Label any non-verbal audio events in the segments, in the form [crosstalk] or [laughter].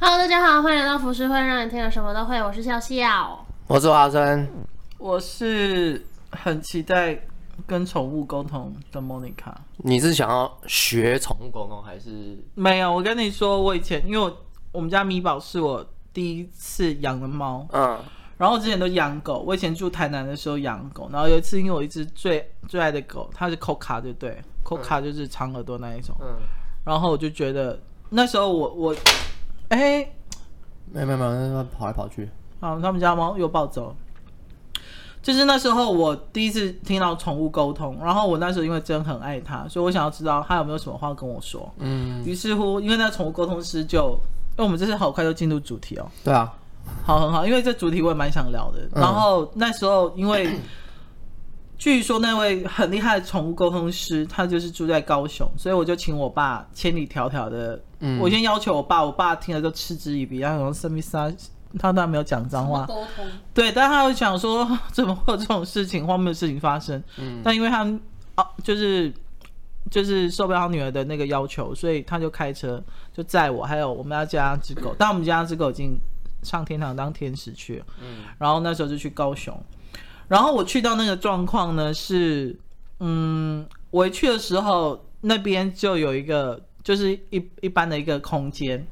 Hello，大家好，歡迎來到浮世會，讓你聽了什麼都會。我是笑笑、哦，我是華生，我是很期待跟寵物溝通的莫妮卡。你是想要學寵物溝通，還是沒有？我跟你說，我以前因為我，我們家米寶是我第一次養的貓，嗯，然後我之前都養狗。我以前住台南的時候養狗，然後有一次因為我一隻最最愛的狗，它是 Coca，對不對，嗯？Coca 就是長耳朵那一種，嗯，然後我就覺得那時候我我。哎、欸，沒沒沒，那跑來跑去。啊，他們家貓又暴走。就是那時候，我第一次聽到寵物溝通。然後我那時候因為真的很愛它，所以我想要知道它有沒有什麼話跟我說。嗯。於是乎，因為那寵物溝通師就，因為我們這次好快就進入主題哦。對啊，好很好，好，因為這主題我也蠻想聊的。然後那時候，因為、嗯、據說那位很厲害的寵物溝通師，他就是住在高雄，所以我就請我爸千里迢迢的。我先要求我爸，嗯，我爸聽了就嗤之以鼻，然後森米沙他當然沒有講髒話，對，但他又想說，怎麼會這種事情荒謬的事情發生？嗯，但因為他、啊、就是就是受不了他女兒的那個要求，所以他就開車就載我，還有我們家家隻狗，嗯，但我們家隻狗已經上天堂當天使去了。嗯，然後那時候就去高雄，然後我去到那個狀況呢是，嗯，我一去的時候那邊就有一個。就是一一般的一個空間，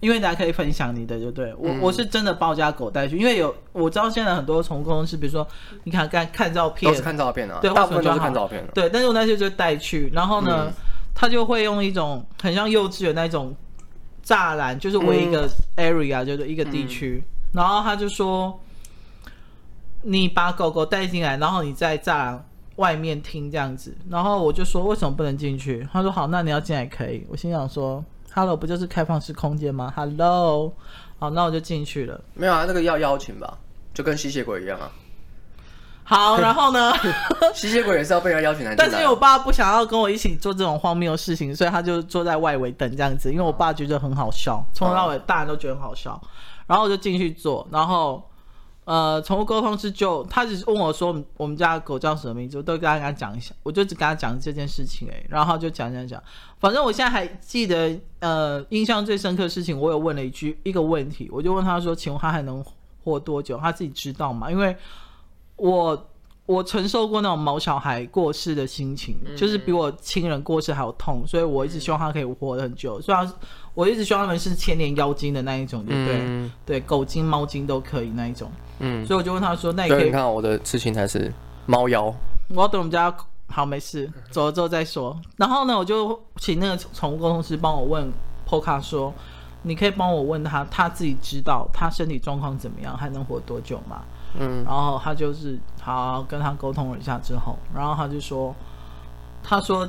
因為大家可以分享你的。就對我、嗯、我是真的把我家狗帶去，因為有我知道現在很多寵物公司，比如說你看看看照片，看照片啊，對，大部分就是看照片對。但是我那次就帶去，然後呢，嗯，他就會用一種很像幼稚的那種柵欄，就是圍一個 area，嗯、就是一個地區、嗯，然後他就說，你把狗狗帶進來，然後你在柵欄外面聽這樣子，然後我就說為什麼不能進去？他說好，那你要進來可以。我心想說，Hello，不就是開放式空間嗎？Hello，好，那我就進去了。沒有啊，這、那個要邀請吧，就跟吸血鬼一樣啊。好，然後呢？ [laughs] 吸血鬼也是要被人邀請來的、啊。 [laughs] 但是因為我爸不想要跟我一起做這種荒謬的事情，所以他就坐在外圍等這樣子。因為我爸覺得很好笑，從頭到尾大人都覺得很好笑。哦、然後我就進去坐，然後。呃，寵物溝通師就，他只是問我說我們，我們家狗叫什麼名字。我都跟大家講一下，我就只跟他講這件事情哎，然後就講講講，反正我現在還記得，呃，印象最深刻的事情，我有問了一句一個問題，我就問他說，請問他還能活多久？他自己知道嗎？因為我。我承受過那種毛小孩過世的心情，嗯、就是比我親人過世還要痛，所以我一直希望他可以活很久，嗯。雖然我一直希望他們是千年妖精的那一種，嗯、對不對，對，狗精貓精都可以那一種。嗯，所以我就問他說：“那你可以你看我的癡情才是貓妖。”我要等我們家好，沒事，走了之後再說。然後呢，我就請那個寵物溝通師幫我問 Poka 說：“你可以幫我問他，他自己知道他身體狀況怎麼樣，還能活多久嗎？”嗯，然後他就是好跟他溝通了一下之後，然後他就說，他說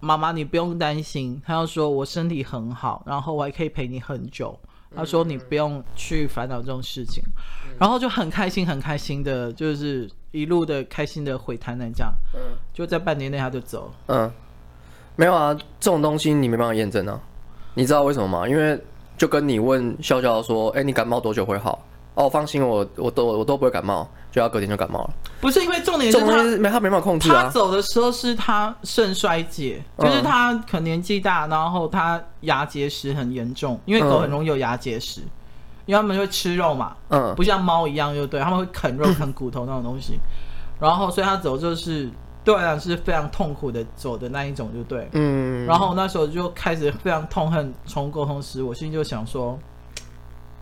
媽媽你不用擔心，他要說我身體很好，然後我還可以陪你很久，嗯，他說你不用去煩惱這種事情，嗯，然後就很開心很開心的，就是一路的開心的回台南這樣，嗯，就在半年內他就走，嗯，沒有啊，這種東西你沒辦法驗證啊，你知道為什麼嗎？因為就跟你問笑笑說，哎你感冒多久會好？哦，放心，我我都我都不會感冒，就要隔天就感冒了。不是因為重點是他重點是，沒他沒辦法控制、啊、他走的時候是他腎衰竭，嗯，就是他可能年紀大，然後他牙結石很嚴重，因為狗很容易有牙結石，嗯，因為他們會吃肉嘛，嗯，不像貓一樣就對，他們會啃肉啃骨頭那種東西，嗯，然後所以他走就是對我來講是非常痛苦的走的那一種就對，嗯，然後那時候就開始非常痛恨寵物溝通師，我心裡就想說。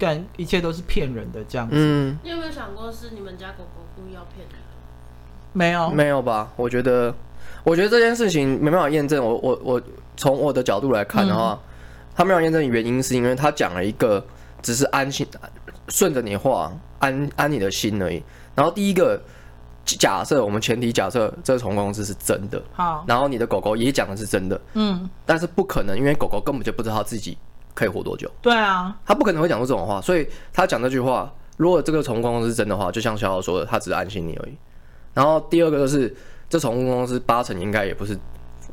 幹，一切都是騙人的這樣子。嗯，你有沒有想過是你們家狗狗故意要騙人？沒有，沒有吧？我覺得，我覺得這件事情沒辦法驗證。我我我從我的角度來看的話，他沒有驗證原因，是因為他講了一個只是安心，順着你的話，安安你的心而已。然後第一個假設，我們前提假設這個寵物公司是真的，好，然後你的狗狗也講的是真的，嗯，但是不可能，因為狗狗根本就不知道自己，可以活多久？對啊，他不可能會講出這種話，所以他講這句話，如果這個寵物公司是真的話，就像小小說的，他只是安心你而已。然後第二個就是，這寵物公司八成應該也不是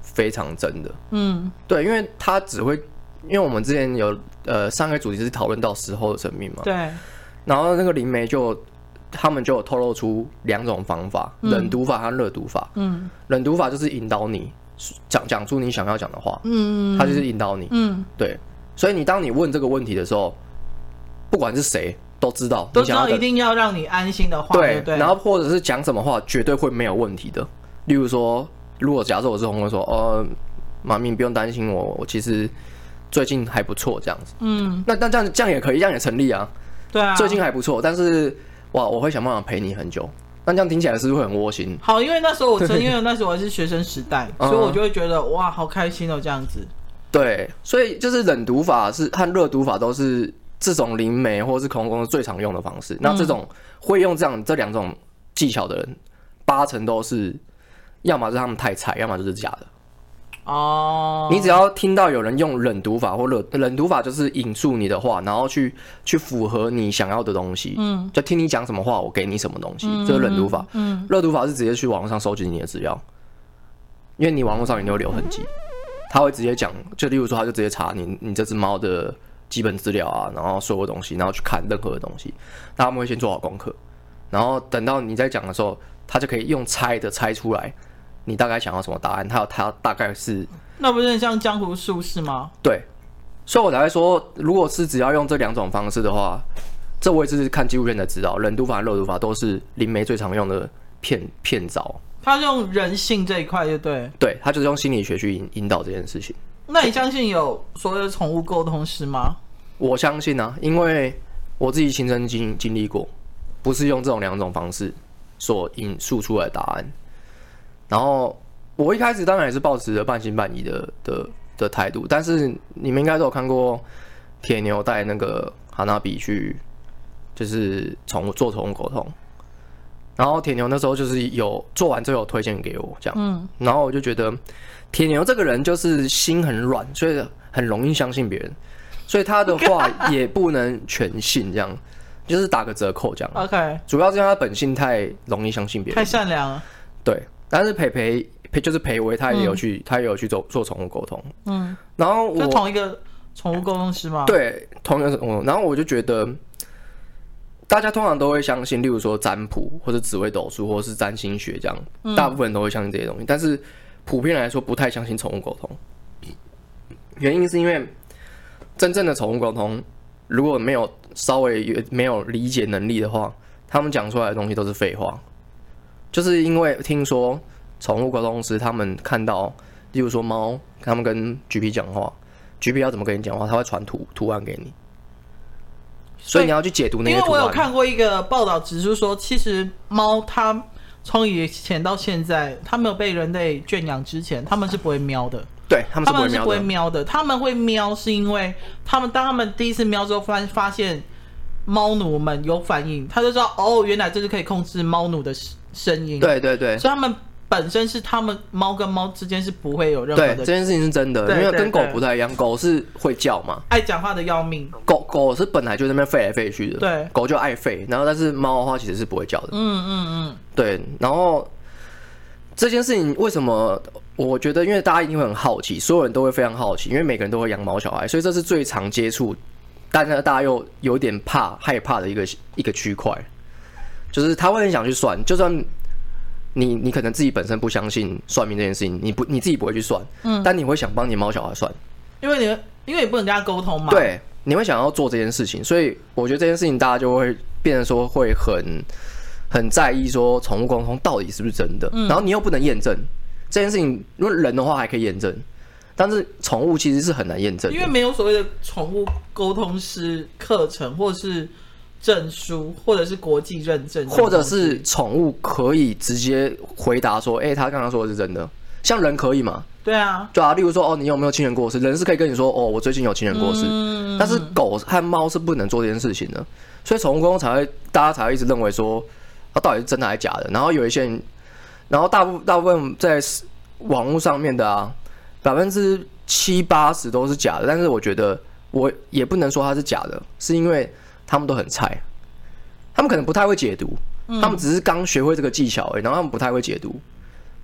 非常真的。嗯，對，因為他只會，因為我們之前有呃上個主題是討論到死後的生命嘛，對。然後那個靈媒就他們就有透露出兩種方法：冷讀法和熱讀法。嗯，冷讀法就是引導你講講出你想要講的話。嗯，他就是引導你。嗯，對。所以你當你問這個問題的時候，不管是誰都知道，都知道一定要讓你安心的話，對對，對。然後或者是講什麼話，絕對會沒有問題的。例如說，如果假設我是紅哥說，呃，媽咪，不用擔心我，我其實最近還不錯，這樣子。嗯。那那這樣這樣也可以，這樣也成立啊。對啊。最近還不錯，但是哇，我會想辦法陪你很久。那這樣聽起來是不是會很窩心？好，因為那時候我曾因為那時候我還是學生時代， [laughs] 嗯、所以我就會覺得哇，好開心哦，這樣子。對，所以就是冷讀法是和熱讀法都是這種靈媒或者是空空最常用的方式、嗯。那這種會用這樣這兩種技巧的人，八成都是要麼是他們太菜，要麼就是假的。哦，你只要聽到有人用冷讀法或熱冷讀法，就是引述你的話，然後去去符合你想要的東西。嗯，就聽你講什麼話，我給你什麼東西，這是冷讀法。嗯，熱讀法是直接去網絡上收集你的資料，因為你網絡上一定都會留痕跡、嗯。嗯他會直接講，就例如說，他就直接查你你這隻貓的基本資料啊，然後所有東西，然後去看任何的東西。那他們會先做好功課，然後等到你在講的時候，他就可以用猜的猜出來你大概想要什麼答案。他他大概是那不是很像江湖術士嗎？對，所以我才會說，如果是只要用這兩種方式的話，這我也是看紀錄片才知道，冷讀法、熱讀法都是靈媒最常用的騙騙招。他用人性這一塊就對，對，他就是用心理學去引引導這件事情。那你相信有所謂的寵物溝通師嗎？我相信啊，因為我自己親身經經歷過，不是用這種兩種方式所引述出來的答案。然後我一開始當然也是抱持着半信半疑的的的態度，但是你們應該都有看過鐵牛帶那個哈娜比去，就是寵物做寵物溝通。然後鐵牛那時候就是有做完之後有推薦給我這樣，嗯，然後我就覺得鐵牛這個人就是心很軟，所以很容易相信別人，所以他的話也不能全信，這樣就是打個折扣這樣。OK，主要是因為他本性太容易相信別人，太善良。對，但是培培就是培維他也有去，他也有去做做寵物溝通，嗯，然後我就同一個寵物溝通師嗎？對，同一個寵物溝通。然後我就覺得。大家通常都會相信，例如說占卜或者紫微斗數或者是占星學這樣，大部分人都會相信這些東西。但是普遍來說不太相信寵物溝通，原因是因為真正的寵物溝通如果沒有稍微沒有理解能力的話，他們講出來的東西都是廢話。就是因為聽說寵物溝通師，他們看到例如說貓，他們跟橘皮講話，橘皮要怎麼跟你講話，他會傳圖圖案給你。所以你要去解讀那個。因為我有看過一個報道，指出說，其實貓它從以前到現在，它沒有被人類圈養之前，他們是不會喵的。對，他們是不會喵的。他們，們會喵是因為他們當他們第一次喵之後發，發現發現貓奴們有反應，他就知道哦，原來這是可以控制貓奴的聲音。對對對，所以他們。本身是他們貓跟貓之間是不會有任何的。對，這件事情是真的，對對對，因為跟狗不太一樣，狗是會叫嘛，愛講話的要命。狗狗是本來就在那邊吠來吠去的，對，狗就愛吠。然後但是貓的話其實是不會叫的。嗯嗯嗯。對，然後這件事情為什麼？我覺得因為大家一定會很好奇，所有人都會非常好奇，因為每個人都會養毛小孩，所以這是最常接觸，但是大家又有點怕、害怕的一個一個區塊，就是他會很想去算，就算。你你可能自己本身不相信算命這件事情，你不你自己不會去算，嗯，但你會想幫你貓小孩算，因為你因為也不能跟他溝通嘛，對，你會想要做這件事情，所以我覺得這件事情大家就會變成說會很很在意說寵物溝通到底是不是真的，嗯，然後你又不能驗證這件事情，如果人的話還可以驗證，但是寵物其實是很難驗證，因為沒有所謂的寵物溝通師課程或是。證書或者是國際認證，或者是寵物可以直接回答說：“哎、欸，他剛剛說的是真的。”像人可以嗎？對啊，對啊。例如說，哦，你有沒有親人過世？人是可以跟你說：“哦，我最近有親人過世。嗯”但是狗和貓是不能做這件事情的，嗯、所以寵物溝通才會大家才會一直認為說它、啊、到底是真的還是假的。然後有一些，然後大部大部分在網絡上面的啊，百分之七八十都是假的。但是我覺得我也不能說它是假的，是因為。他們都很菜，他們可能不太會解讀，嗯，他們只是剛學會這個技巧而已，然後他們不太會解讀。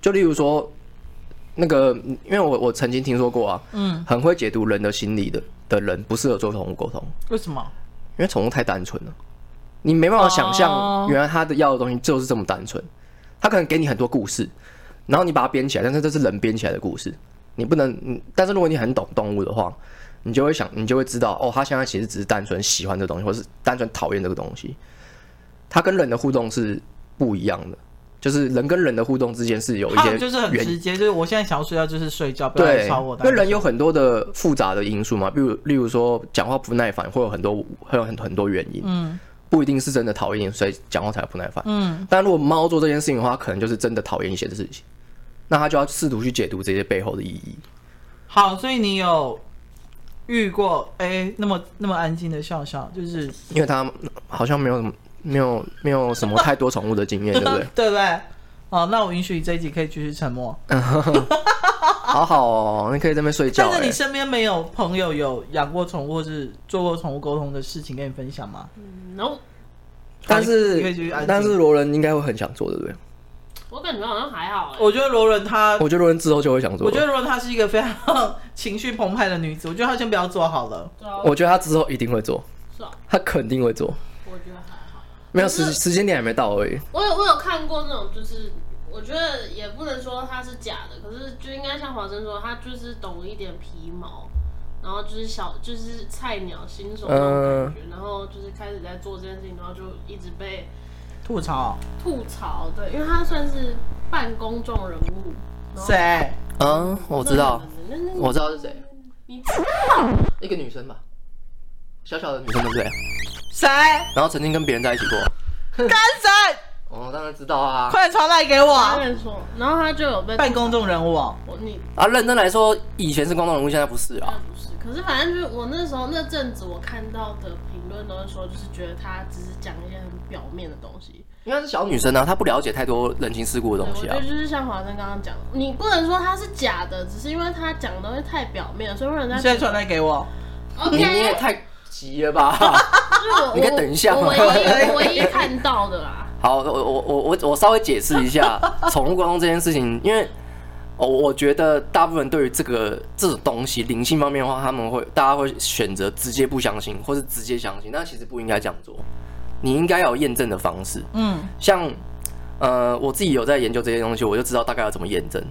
就例如說，那個，因為我我曾經聽說過啊，嗯，很會解讀人的心理的的人不適合做寵物溝通。為什麼？因為寵物太單純了，你沒辦法想象原來他的要的東西就是這麼單純。Oh... 他可能給你很多故事，然後你把它編起來，但是這是人編起來的故事，你不能。但是如果你很懂動物的話。你就會想，你就會知道哦，他現在其實只是單純喜歡這東西，或是單純討厭這個東西。他跟人的互動是不一樣的，就是人跟人的互動之間是有一些。就是很直接，就是我現在想要睡覺，就是睡覺，不要吵我的。對。跟人有很多的複雜的因素嘛，比如，例如說講話不耐煩，會有很多，會有很多很多原因。嗯。不一定是真的討厭，所以講話才不耐煩。嗯。但如果貓做這件事情的話，可能就是真的討厭一些事情，那他就要試圖去解讀這些背後的意義。好，所以你有。遇過哎、欸，那麼那麼安靜的笑笑，就是因為他好像沒有什麼，沒有沒有什麼太多寵物的經驗，對不對？對不對？好，那我允許你這一集可以繼續沉默。 [laughs] [laughs] 好好哦，你可以在那邊睡覺、欸。就是你身邊沒有朋友有養過寵物，或是做過寵物溝通的事情跟你分享嗎？No 但。但是，但是羅倫應該會很想做，對不對？我感覺好像還好、欸。我覺得羅倫她，我覺得羅倫之後就會想做。我覺得羅倫她是一個非常情緒澎湃的女子。我覺得她先不要做好了。對哦，我覺得她之後一定會做。是啊。她肯定會做。我覺得還好。沒有時時間點還沒到而已。我有我有看過那種，就是我覺得也不能說她是假的，可是就應該像華生說，她就是懂一點皮毛，然後就是小就是菜鳥新手那種感覺，嗯、呃。然後就是開始在做這件事情，然後就一直被。吐槽、哦，吐槽，對，因為他算是半公眾人物。誰？嗯，我知道，我知道是誰。你知道一個女生吧，小小的女生，對不對？誰？然後曾經跟別人在一起過。 [laughs] 幹誰？我、哦、當然知道啊，快傳來給我。別人說，然後他就有被半公眾人物。我你啊，認真來說，以前是公眾人物，現在不是啊不是，可是反正就是我那時候那陣子我看到的。很多人說，就是覺得他只是講一些很表面的東西。因為是小女生她、啊、不了解太多人情世故的東西啊。對，就是像華生剛剛講，你不能說她是假的，只是因為她講的東西太表面了，所以人家現在傳來給我、okay 你，你也太急了吧？ [laughs] 你可以等一下。我，我，唯一我唯一看到的啦。好，我我我稍微解釋一下寵物溝通這件事情，因為。哦，我覺得大部分對於這個這種東西靈性方面的話，他們會大家會選擇直接不相信，或是直接相信。那其實不應該這樣做，你應該要有驗證的方式。嗯，像，呃，我自己有在研究這些東西，我就知道大概要怎麼驗證。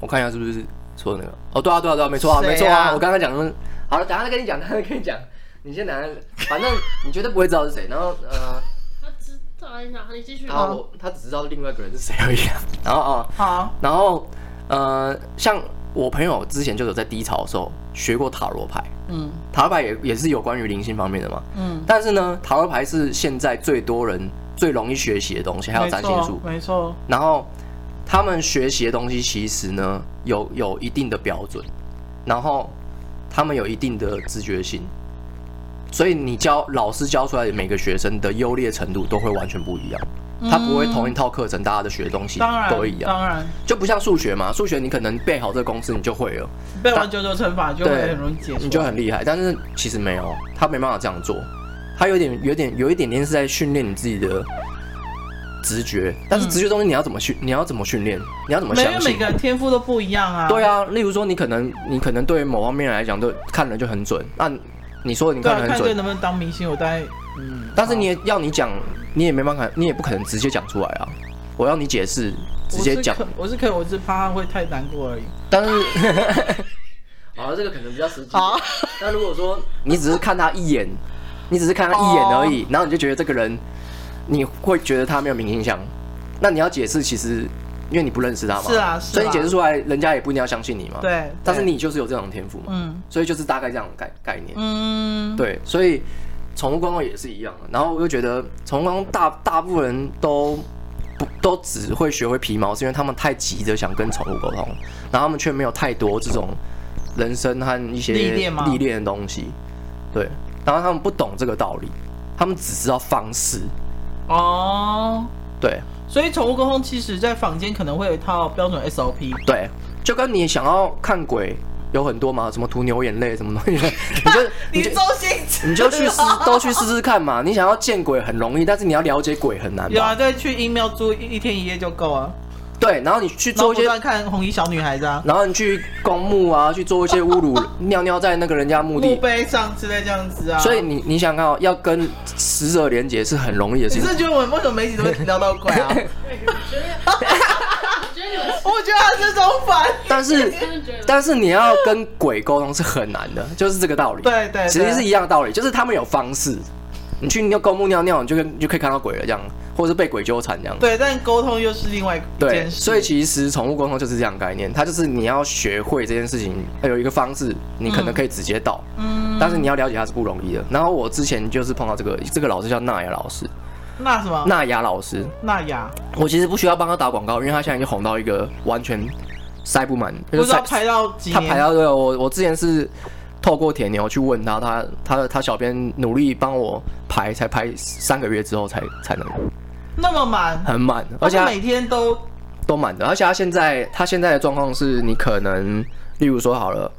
我看一下是不是錯那個。哦，對啊，對啊，對啊，沒錯啊，啊，沒錯啊。我剛剛講的，好了，等一下再跟你講，等一下再跟你講。你先等下，反正你絕對不會知道是誰。 [laughs] 然後，呃。啊、哎，他只知道另外一個人是誰而已。然後啊，好啊，然後呃，像我朋友之前就有在低潮的時候學過塔羅牌，嗯，塔羅牌也也是有關於靈性方面的嘛，嗯。但是呢，塔羅牌是現在最多人最容易學習的東西，還有占星術，沒錯。沒錯，然後他們學習的東西其實呢，有有一定的標準，然後他們有一定的自覺性。所以你教老師教出來每個學生的優劣程度都會完全不一樣，他不會同一套課程大家都學的東西都一樣。當然，就不像數學嘛，數學你可能背好這個公式你就會了，背完九九乘法就會很容易解，你就很厲害。但是其實沒有，他沒辦法這樣做，他有點有點有一點，有一點點是在訓練你自己的直覺，但是直覺東西你要怎麼訓、嗯，你要怎麼訓練，你要怎麼想，因為每個人天賦都不一樣啊。對啊，例如說你可能你可能對於某方面來講就看了就很準那。你說你看得很準、啊、能不能當明星？我大概嗯，但是你也要，你講，你也沒辦法，你也不可能直接講出來啊。我要你解釋，直接講，我是可能，我是怕會太難過而已。但是，好、 [laughs] 啊，這個可能比較實際、啊、但那如果說你只是看他一眼，你只是看他一眼而已、啊，然後你就覺得這個人，你會覺得他沒有明星相，那你要解釋，其實。因為你不認識他嘛，是啊，啊，所以你解釋出來，人家也不一定要相信你嘛。對，對，但是你就是有這種天賦嘛，嗯，所以就是大概這樣的概概念。嗯，對，所以寵物溝通也是一樣的。然後我又覺得，寵物溝通大大部分人都不都只會學會皮毛，是因為他們太急着想跟寵物溝通，然後他們卻沒有太多這種人生和一些歷練歷練的東西，對。然後他們不懂這個道理，他們只知道方式。哦，對。所以寵物溝通其實，在坊間可能會有一套標準 SOP。對，就跟你想要看鬼有很多嘛，什麼塗牛眼淚什麼東西，你就你就 [laughs] 你，你就去試都去試試看嘛。 [laughs] 你想要見鬼很容易，但是你要了解鬼很難。有啊，對，去陰廟住一天一夜就夠啊。對，然後你去做一些看紅衣小女孩子啊，然後你去公墓啊，去做一些侮辱尿尿在那個人家墓地墓碑上之類這樣子啊。所以你你想要看，哦，要跟死者連結是很容易的事情。其實覺得我們為什麼媒體都會提到到鬼啊？我覺得，他是得你這種反，但是但是你要跟鬼溝通是很難的，就是這個道理。對對，其實是一樣的道理，就是他們有方式，你去尿公墓尿尿，尿，你就就可以看到鬼了，這樣。或是被鬼糾纏這樣。對，但溝通又是另外一件事。對，所以其實寵物溝通就是這樣的概念，它就是你要學會這件事情，它有一個方式，你可能可以直接到嗯，嗯，但是你要了解它是不容易的。然後我之前就是碰到這個，這個老師叫娜雅老師。娜什麼？娜雅老師。娜雅。我其實不需要幫他打廣告，因為他現在已經紅到一個完全塞不滿，不知道排到幾。他排到對我，我之前是透過鐵牛去問他，他他他小編努力幫我排，才排三個月之後才才能。那麼滿，很滿，而且他他每天都都滿的。而且他現在他現在的狀況是你可能，例如說好了，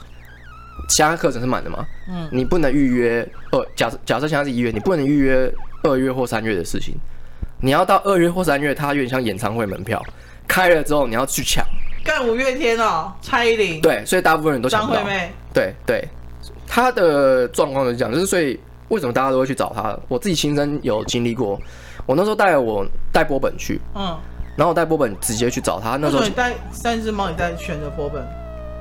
其他課程是滿的嘛，嗯，你不能預約二、呃，假設假設現在是一月，你不能預約二月或三月的事情，你要到二月或三月，他有點像演唱會門票開了之後，你要去搶。幹五月天哦，蔡依林。對，所以大部分人都想張惠妹。對對，他的狀況是這樣，就是所以為什麼大家都會去找他，我自己親身有經歷過。我那時候帶了我帶波本去，嗯，然後我帶波本直接去找他。那時候帶三隻貓，你帶全的波本。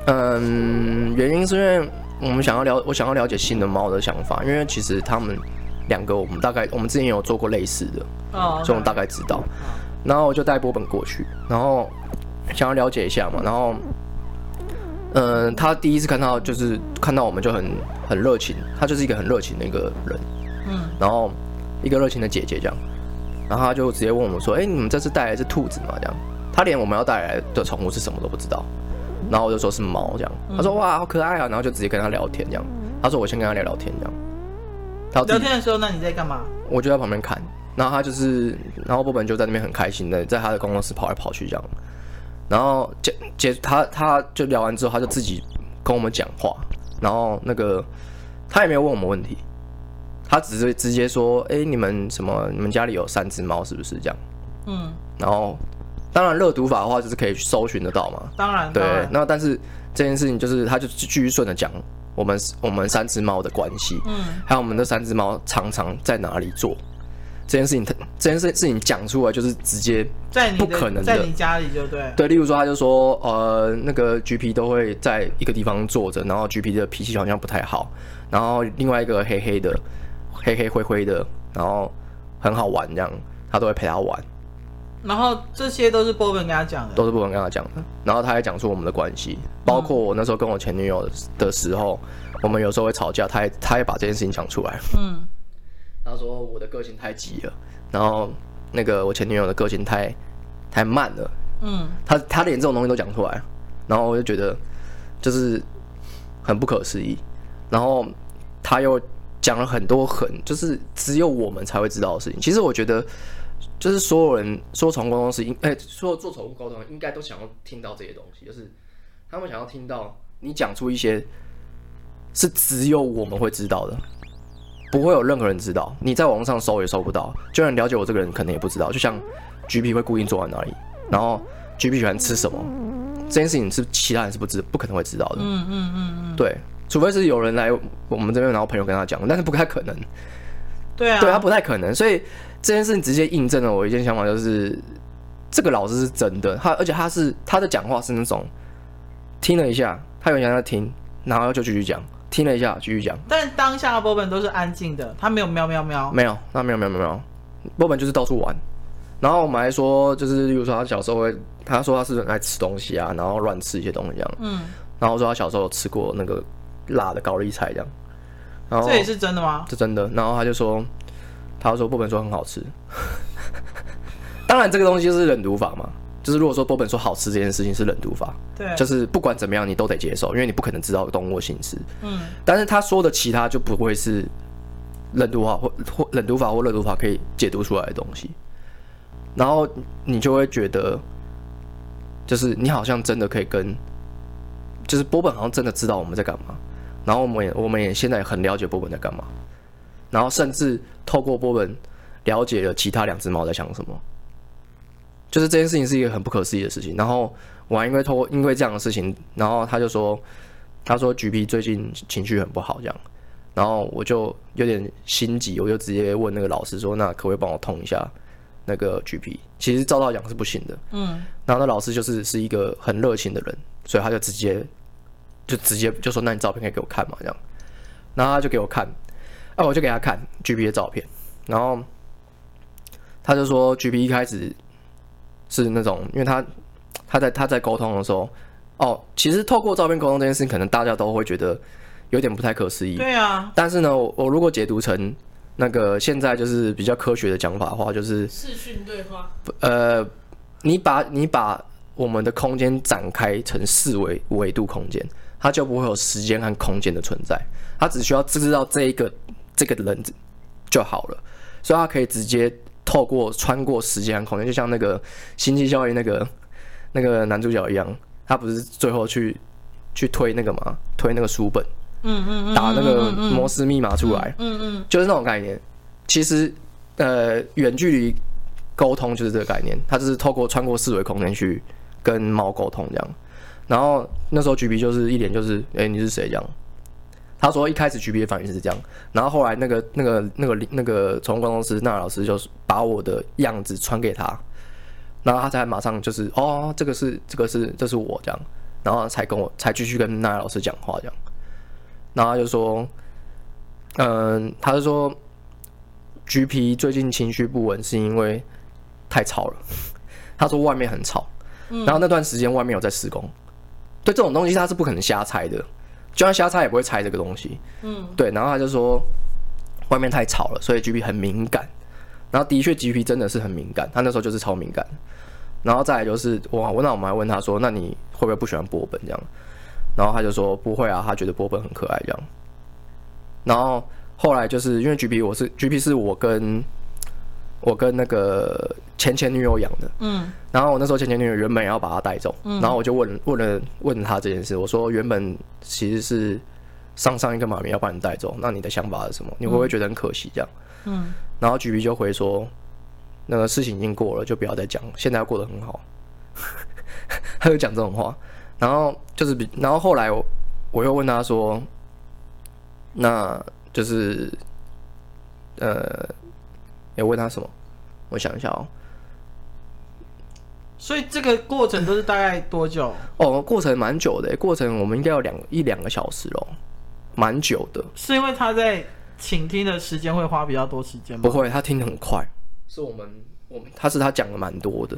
嗯，原因是因為我們想要了，我想要了解新的貓的想法，因為其實他們兩個，我們大概我們之前也有做過類似的，哦、嗯，所以我們大概知道。哦 okay、然後我就帶波本過去，然後想要了解一下嘛。然後，嗯，他第一次看到就是看到我們就很很熱情，他就是一個很熱情的一個人，嗯，然後一個熱情的姐姐這樣。然後他就直接問我們說：“哎，你們這次帶來是兔子嗎？”這樣，他連我們要帶來的寵物是什麼都不知道。嗯、然後我就說是貓，這樣。嗯、他說：“哇，好可愛啊！”然後就直接跟他聊天，這樣。嗯、他說：“我先跟他聊聊天，這樣。”聊天的時候，那你在幹嘛？我就在旁邊看。然後他就是，然後波本就在那邊很開心的，在他的工作室跑來跑去，這樣。然後結結他他就聊完之後，他就自己跟我們講話。然後那個他也沒有問我們問題。他只是直接說：“哎、欸，你們什麼？你們家裡有三隻貓是不是這樣？”嗯，然後當然熱讀法的話就是可以搜尋得到嘛。當然，對然。那但是這件事情就是他就繼續順着講我們我們三隻貓的關係，嗯，還有我們的三隻貓常常在哪裡做。這件事情，他這件事事情講出來就是直接在你不可能的，在你的，在你家裡就對。對，例如說他就說呃那個 GP 都會在一個地方坐着，然後 GP 的脾氣好像不太好，然後另外一個黑黑的。黑黑灰灰的，然後很好玩，這樣，他都會陪他玩。然後這些都是波本跟他講的，都是波本跟他講的。然後他也講出我們的關係，包括我那時候跟我前女友的時候，嗯、我們有時候會吵架，他也他也把這件事情講出來。嗯，他說我的個性太急了，然後那個我前女友的個性太太慢了。嗯，他他連這種東西都講出來，然後我就覺得就是很不可思議。然後他又。講了很多很就是只有我們才會知道的事情。其實我覺得，就是所有人說寵物溝通是應，哎，說做寵物溝通應該都想要聽到這些東西，就是他們想要聽到你講出一些是只有我們會知道的，不會有任何人知道，你在網上搜也搜不到，就算了解我這個人，可能也不知道。就像橘皮會故意坐在那裡，然後橘皮喜歡吃什麼，這件事情是其他人是不知不可能會知道的。嗯嗯嗯嗯，對。除非是有人來我們這邊，然後朋友跟他講，但是不太可能，對啊，對他不太可能，所以這件事情直接印證了我一件想法，就是這個老師是真的，他而且他是他的講話是那種聽了一下，他有人想要聽，然後就繼續講，聽了一下繼續講。但當下的波本都是安靜的，他沒有喵喵喵，沒有，那沒有沒有沒有，波本就是到處玩。然後我們還說，就是比如說他小時候會，他說他是很愛吃東西啊，然後亂吃一些東西這樣，嗯，然後說他小時候有吃過那個。辣的高麗菜這樣然後，這也是真的嗎？是真的。然後他就說，他就說波本說很好吃。 [laughs] 當然，這個東西就是冷讀法嘛，就是如果說波本說好吃這件事情是冷讀法，對，就是不管怎麼樣你都得接受，因為你不可能知道動物心思。嗯。但是他說的其他就不會是冷讀法或或冷讀法或熱讀法可以解讀出來的東西，然後你就會覺得，就是你好像真的可以跟，就是波本好像真的知道我們在幹嘛。然後我們也我們也現在也很了解波本在幹嘛，然後甚至透過波本了解了其他兩隻貓在想什麼，就是這件事情是一個很不可思議的事情。然後我還因為透過因為這樣的事情，然後他就說他說橘皮最近情緒很不好這樣，然後我就有點心急，我就直接問那個老師說，那可不可以幫我通一下那個橘皮？其實照道理講是不行的，嗯。然後那老師就是是一個很熱情的人，所以他就直接。就直接就說，那你照片可以給我看嗎？這樣，然後他就給我看，哎、啊，我就給他看 GP 的照片，然後他就說 GP 一開始是那種，因為他他在他在溝通的時候，哦，其實透過照片溝通這件事情，可能大家都會覺得有點不太可思議。對啊。但是呢，我，我如果解讀成那個現在就是比較科學的講法的話，就是視訊對話。呃，你把你把我們的空間展開成四維維度空間，它就不會有時間和空間的存在，它只需要知道這一個這個人就好了，所以它可以直接透過穿過時間和空間，就像那個星際效應那個那個男主角一樣，他不是最後去去推那個嗎推那個書本，嗯嗯，打那個摩斯密碼出來，嗯嗯，就是那種概念。其實呃，遠距離溝通就是這個概念，他就是透過穿過四維空間去跟貓溝通這樣。然後那時候橘皮就是一臉就是，哎，你是誰這樣？他說一開始橘皮的反應是這樣，然後後來那個那個那個那個寵物工作室那娜娜老師就是把我的樣子傳給他，然後他才馬上就是，哦，這個是這個是這是我這樣，然後才跟我才繼續跟那娜娜老師講話這樣，然後他就說，嗯、呃，他就說橘皮最近情緒不穩是因為太吵了，他說外面很吵，然後那段時間外面有在施工。嗯對這種東西他是不可能瞎猜的，就算瞎猜也不會猜這個東西。嗯，對，然後他就說外面太吵了，所以 GP 很敏感。然後的確 GP 真的是很敏感，他那時候就是超敏感。然後再來就是我，那我們還問他說，那你會不會不喜歡波本這樣？然後他就說不會啊，他覺得波本很可愛這樣。然後後來就是因為 GP 我是 GP 是我跟我跟那個。前前女友養的，嗯，然後我那時候前前女友原本也要把他帶走，嗯，然後我就問問了問他這件事，我說原本其實是上上一個媽咪要把你帶走，那你的想法是什麼？你會不會覺得很可惜這樣？嗯，嗯，然後橘皮就回說，那個事情已經過了，就不要再講，現在過得很好， [laughs] 他就講這種話，然後就是比，然後後來我我又問他說，那就是呃，你問他什麼？我想一下哦。所以這個過程都是大概多久？嗯、哦，過程蠻久的。過程我們應該要兩一兩個小時哦，蠻久的。是因為他在傾聽的時間會花比較多時間嗎？不會，他聽很快。是我們，我們他是他講的蠻多的。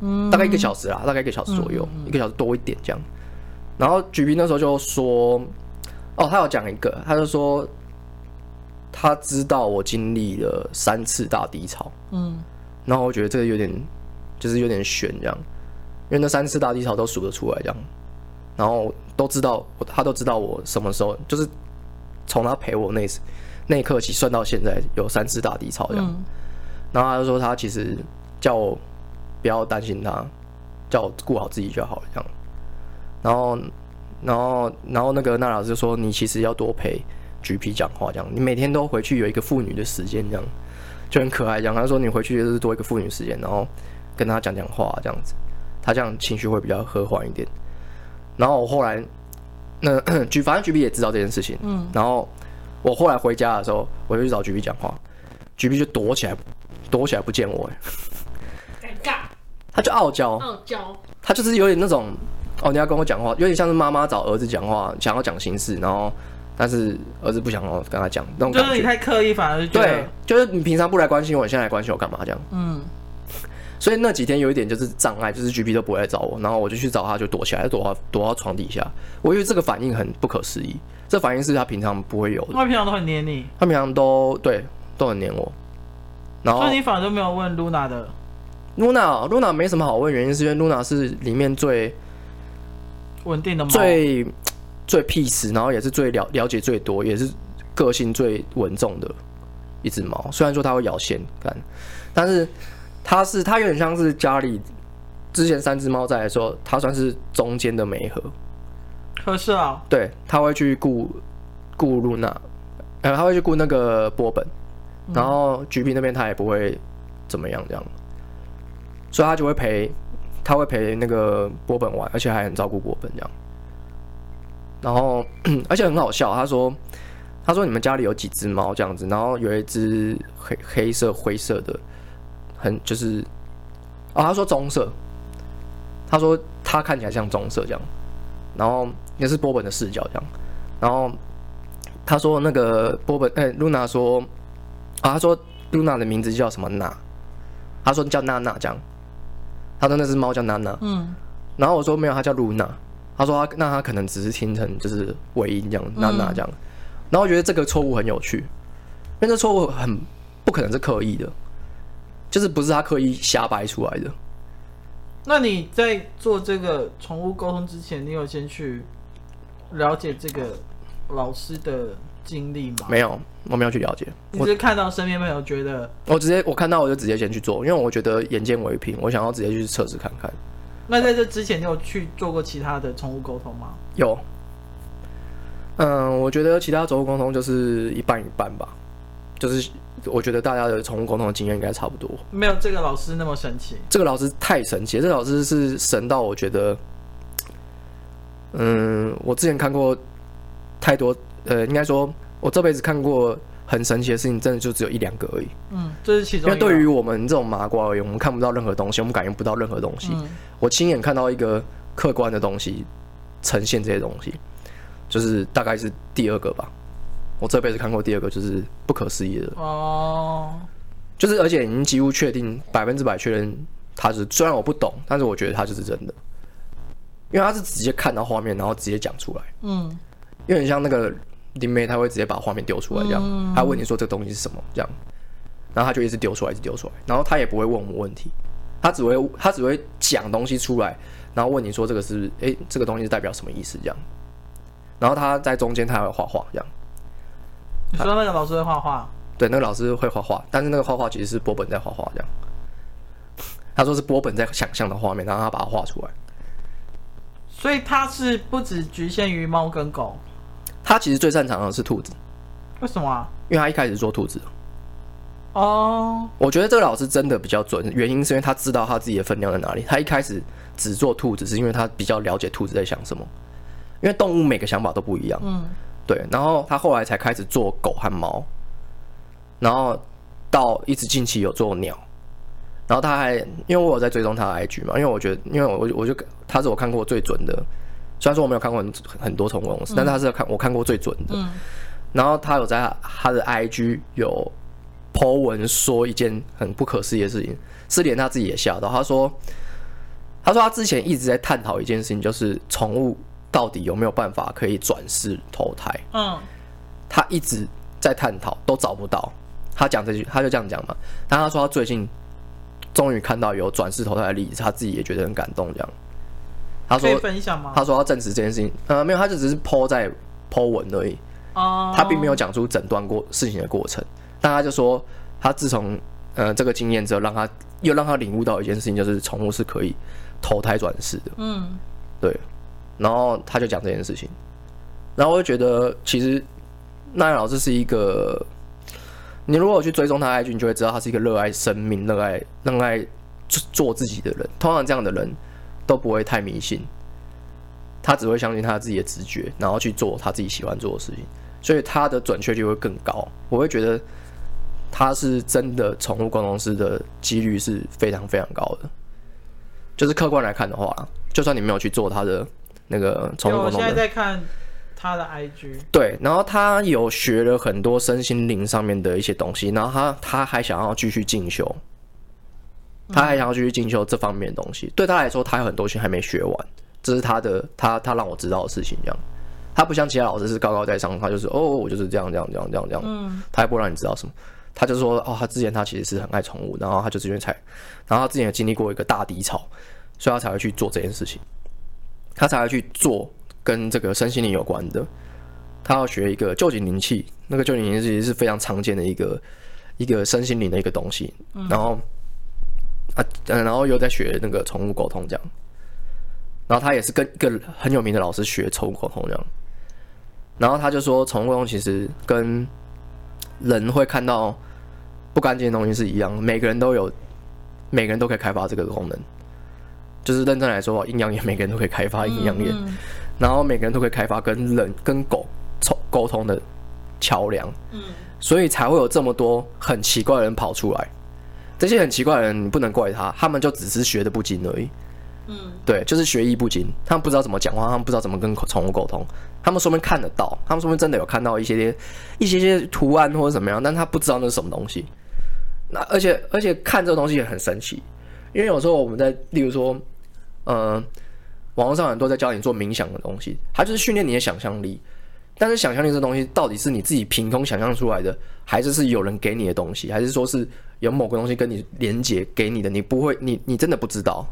嗯，大概一個小時啦，大概一個小時左右，嗯嗯嗯一個小時多一點這樣。然後舉兵那時候就說，哦，他有講一個，他就說他知道我經歷了三次大低潮，嗯，然後我覺得這個有點。就是有點玄這樣，因為那三次大低潮都數得出來這樣，然後都知道，他都知道我什麼時候，就是從他陪我那次那一刻起算到現在有三次大低潮這樣，然後他就說他其實叫我不要擔心他，叫我顧好自己就好了這樣，然後然後然後那個娜老師就說你其實要多陪橘皮講話這樣，你每天都回去有一個婦女的時間這樣，就很可愛講，他說你回去就是多一個婦女時間然後，跟他講講話這樣子，他這樣情緒會比較和緩一點。然後我後來那橘，呃，反正橘皮也知道這件事情。嗯。然後我後來回家的時候，我就去找橘皮講話，橘皮就躲起來，躲起來不見我，欸。哎，尷尬。他就傲嬌，傲嬌。他就是有點那種，哦，你要跟我講話，有點像是媽媽找兒子講話，想要講心事然後但是兒子不想跟他講那種感覺。就是你太刻意，反而就對，就是你平常不來關心我，你現在來關心我幹嘛這樣？嗯。所以那幾天有一點就是障礙，就是 GP 都不會來找我，然後我就去找他，就躲起來，躲躲到床底下。我以為這個反應很不可思議，這反應是他平常不會有的。他平常都很黏你。他平常都對，都很黏我。然後所以你反而都沒有問露娜的。露娜，露娜沒什麼好問，原因是因為露娜是裡面最穩定的，最最 peace，然後也是最了了解最多，也是個性最穩重的一只貓。雖然說它會咬線杆，但是。他是他有點像是家裡之前三只貓在的時候，他算是中間的媒合。可是啊，對，他會去顧顧露娜，Luna, 呃，他會去顧那個波本，然後橘皮那邊他也不會怎麼樣這樣，所以他就會陪他會陪那個波本玩，而且還很照顧波本這樣。然後而且很好笑，他說他說你們家裡有幾隻貓這樣子，然後有一只黑黑色灰色的。很就是，啊、哦，他說棕色，他說他看起來像棕色這樣，然後也是波本的視角這樣，然後他說那個波本，哎、欸，露娜說，啊、哦，他說露娜的名字叫什麼娜，他說叫娜娜這樣，他說那只貓叫娜娜，嗯，然後我說沒有，他叫露娜，他說那他可能只是聽成就是尾音這樣娜、嗯、娜這樣，然後我覺得這個錯誤很有趣，因為這錯誤很不可能是刻意的。就是不是他刻意瞎掰出來的。那你在做這個寵物溝通之前，你有先去了解這個老師的經歷嗎？沒有，我沒有去了解。你是看到身邊朋友覺得？我直接我看到我就直接先去做，因為我覺得眼見為憑，我想要直接去測試看看。那在這之前，你有去做過其他的寵物溝通嗎？有。嗯，我覺得其他寵物溝通就是一半一半吧，就是。我覺得大家的寵物溝通的經驗應該差不多。沒有這個老師那麼神奇。這個老師太神奇，這個、老師是神到我覺得，嗯，我之前看過太多，呃，應該說，我這輩子看過很神奇的事情，真的就只有一兩個而已。嗯，這是其中。因為對於我們這種麻瓜而言，我們看不到任何東西，我們感應不到任何東西。嗯、我親眼看到一個客觀的東西呈現這些東西，就是大概是第二個吧。我這輩子看過第二個就是不可思議的哦，就是而且已經幾乎確定百分之百確認他是雖然我不懂，但是我覺得他就是真的，因為他是直接看到畫面，然後直接講出來。嗯，因為你像那個靈媒，他會直接把畫面丟出來，這樣他會問你說這東西是什麼這樣，然後他就一直丟出來，一直丟出來，然後他也不會問我們問題，他只會他只會講東西出來，然後問你說這個是誒、欸，這個東西是代表什麼意思這樣，然後他在中間他還會畫畫這樣。你說那個老師會畫畫？對，那個老師會畫畫，但是那個畫畫其實是波本在畫畫這樣。他說是波本在想象的畫面，然後他把它畫出來。所以他是不止局限於貓跟狗。他其實最擅長的是兔子。為什麼啊？因為他一開始做兔子。哦、oh...，我覺得這個老師真的比較準，原因是因為他知道他自己的分量在哪裡。他一開始只做兔子，是因為他比較了解兔子在想什麼，因為動物每個想法都不一樣。嗯。對，然後他後來才開始做狗和貓，然後到一直近期有做鳥，然後他還因為我有在追蹤他的 IG 嘛，因為我覺得，因為我我我就他是我看過最準的，雖然說我沒有看過很，很多寵物公司，但是他是看我看過最準的。嗯。然後他有在他的 IG 有 Po 文說一件很不可思議的事情，是連他自己也嚇到。他說，他說他之前一直在探討一件事情，就是寵物。到底有沒有辦法可以轉世投胎？嗯，他一直在探討，都找不到。他講這句，他就這樣講嘛。但他說他最近終於看到有轉世投胎的例子，他自己也覺得很感動。這樣，他說，他說他證實這件事情，呃，沒有，他就只是 po 在 po 文而已。哦，他並沒有講出整段過事情的過程。但他就說，他自從呃這個經驗之後，讓他又讓他領悟到一件事情，就是寵物是可以投胎轉世的。嗯，對。然後他就講這件事情，然後我就覺得其實奈良老師是一個，你如果去追蹤他 IG，你就會知道他是一個熱愛生命、熱愛熱愛做做自己的人。通常這樣的人都不會太迷信，他只會相信他自己的直覺，然後去做他自己喜歡做的事情，所以他的準確率會更高。我會覺得他是真的寵物溝通師的幾率是非常非常高的，就是客觀來看的話，就算你沒有去做他的。那個寵物溝通的，我現在在看他的 IG。對，然後他有學了很多身心靈上面的一些東西，然後他他還想要繼續進修，他還想要繼續進修這方面的東西。對他來說，他有很多東西還沒學完，這是他的，他他讓我知道的事情。這樣，他不像其他老師是高高在上，他就是哦，我就是這樣這樣這樣這樣這樣。嗯，他也不會讓你知道什麼，他就說哦，他之前他其實是很愛寵物，然後他就是因為才，然後他之前也經歷過一個大低潮，所以他才會去做這件事情。他才會去做跟這個身心靈有關的。他要學一個臼井靈氣，那個臼井靈氣其實是非常常見的一個一個身心靈的一個東西。嗯、然後啊，嗯，然後又在學那個寵物溝通這樣。然後他也是跟一個很有名的老師學寵物溝通這樣。然後他就說，寵物溝通其實跟人會看到不乾淨的東西是一樣，每個人都有，每個人都可以開發這個功能。就是認真來說，陰陽眼每個人都可以開發陰陽眼，然後每個人都可以開發跟人跟狗溝通的橋梁。嗯，所以才會有這麼多很奇怪的人跑出來。這些很奇怪的人你不能怪他，他們就只是學的不精而已。嗯，對，就是學藝不精，他們不知道怎麼講話，他們不知道怎麼跟寵物溝通，他們說不定看得到，他們說不定真的有看到一些些，一些些圖案或者怎麼樣，但他不知道那是什麼東西。那而且而且看這個東西也很神奇，因為有時候我們在例如說。嗯，網絡上很多在教你做冥想的東西，它就是訓練你的想象力。但是想象力這東西，到底是你自己憑空想象出來的，還是是有人給你的東西，還是說是有某個東西跟你連接給你的？你不會，你你真的不知道，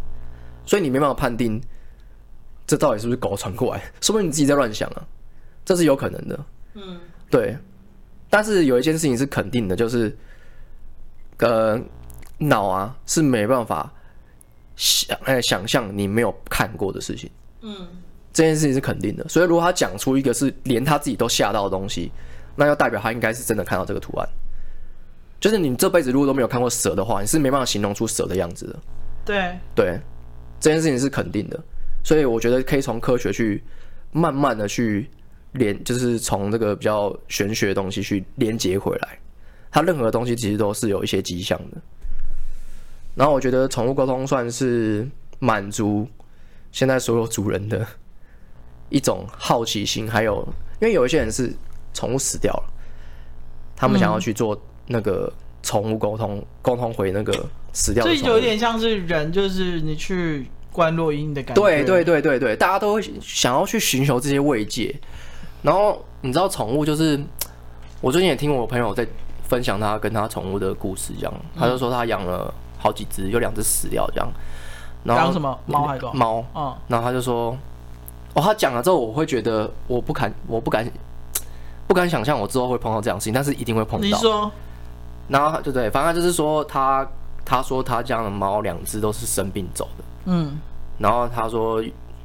所以你沒辦法判定這到底是不是狗傳過來，說不定你自己在亂想啊，這是有可能的。嗯，對。但是有一件事情是肯定的，就是，呃，腦啊是沒辦法。想，哎，想象你沒有看過的事情，嗯，這件事情是肯定的。所以如果他講出一個是連他自己都嚇到的東西，那就代表他應該是真的看到這個圖案。就是你這輩子如果都沒有看過蛇的話，你是沒辦法形容出蛇的樣子的。對，對，這件事情是肯定的。所以我覺得可以從科學去慢慢的去連，就是從這個比較玄學的東西去連接回來。他任何東西其實都是有一些跡象的。然後我覺得寵物溝通算是滿足現在所有主人的一種好奇心，還有，因為有一些人是寵物死掉了，他們想要去做那個寵物溝通，溝通回那個死掉的。這、嗯、有點像是人，就是你去觀落陰的感覺。對對對對對，大家都會想要去尋求這些慰藉。然後你知道，寵物就是我最近也聽過我朋友在分享他跟他寵物的故事，一樣，他就說他養了。好幾隻有兩隻死掉，這樣。然後養什麼貓還是貓，嗯、然後他就說，我、哦、他講了之後，我會覺得我不敢，我不敢，不敢想象我之後會碰到這樣的事情，但是一定會碰到的。你說然後就對，反正就是說他他說他家的貓兩隻都是生病走的，嗯。然後他說